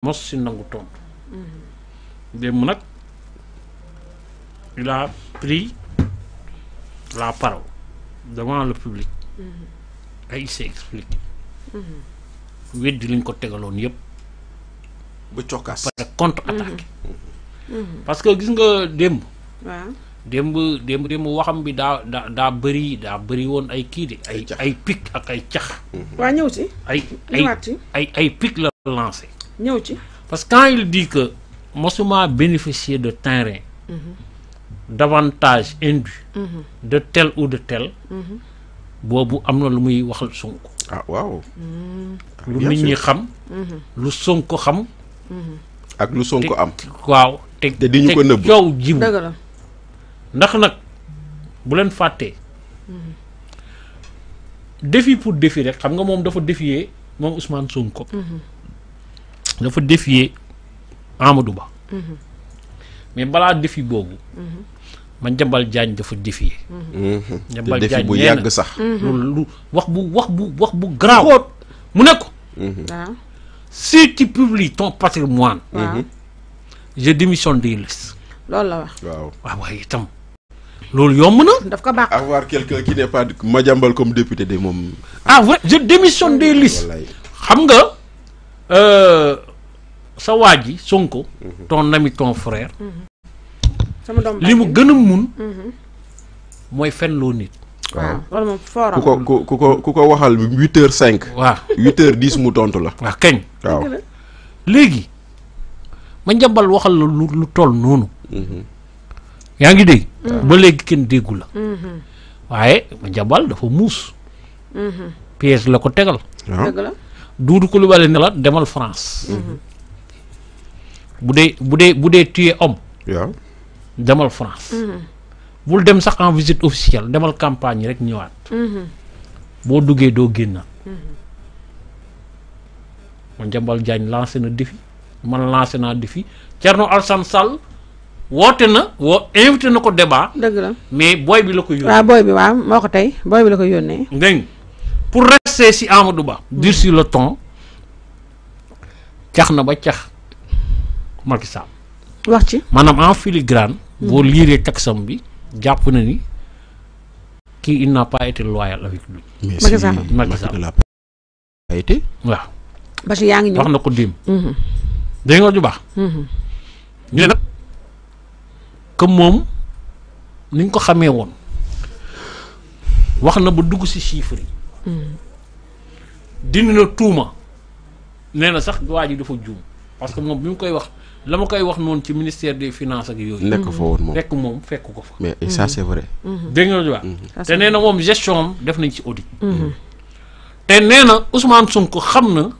mos si nangu tontu démb nag il a pris la parole devant le public mhm. ay s'est expliqué mhm. wedd liñ ko tégalon yépp bu cokkaas par contre attaque mhm. parce que gis nga démb da demb demb démb waxam bi da da beuri da beuri won ay ki de ay ay pic ak ay wa ñew ci ay ay ay pic la lancer ñëw ci parce que quand il dit que Moussa mosuma bénéficier de terrain mhm. d'avantage indu mhm. de tel ou de tel mhm. boobu am na lu muy waxal Sonko ah waaw mm. lu nit ñi xam lu Sonko xam ak lu Sonko am waaw te te di ñu ko nëbb coow ndax nag bu leen fàttee défi pour défi rek xam nga moom dafa défier moom Ousmane Sonko dafa défier Amadou Ba. Mhm. mais balaa défi boobu. Mhm. ma Madiambal Diagne dafa défier. Madiambal mhm. Diagne bu yàgg sax. loolu lu wax bu wax bu wax bu mu ne ko. Ah. si tu publies patrimoine. Ah. je démissionne des listes. loolu la wax. waaw ah, waaw itam. loolu yomb na. daf ko baax avoir quelqu'un comme député de moom. ah vrai je démissionne des listes. xam nga. Euh, sa sonko mm -hmm. ton ami ton frère. mm -hmm. li mu mun. Mhm. mooy fen loo nit. waaw loolu moom fort ku ko ku ko ku waxal 8h5 waaw huit heures dix mu tontu la. wa keñ legi ma njabal waxal lu lu toll -hmm. ngi mhm. ba legi ken la. Mhm. waye ma njabal dafa -hmm. pièce la ko tegal. Ah. dudu ko lu balé ni la demal France. bu dee bu dee bu dee tu es homme. demal France. Mm-hmm. bul dem sax en visite officielle demal campagne rek ñëwaat. Mm-hmm. boo duggee doo génn. Mm-hmm. man Jambal Diagne lancé na défi man lancé naa défi Thierno Alassane Sall woote na woo invité na ko débat. dëgg la mais booy bi la ko yónnee. waaw booy bi waaw moo ko tey booy bi la ko yónnee. dégg pour rester si Amadou Ba. durcir le ton cax na ba cax. Macky Sall wax ci manam en filigrane bo hmm. lire taxam bi japp na ni ki il n'a pas été loyal avec lui Macky Sall Macky Sall a été wa ba ci yaangi ñew wax na ko dim hmm de nga ju bax hmm ñu nak ke mom niñ ko xamé won wax na ba dugg ci chiffre hmm dindi na tuuma sax waji dafa juum parce que mom bimu koy wax la ma koy wax noonu ci ministère de finances ak yooyu. nekk fa woon moom fekk moom fekk ko fa. mais ça c' est vrai. Mm-hmm. dégg nga lu mm-hmm. te nee na moom gestion am def nañ ci audit. Mm-hmm. te nee na Ousmane xam na.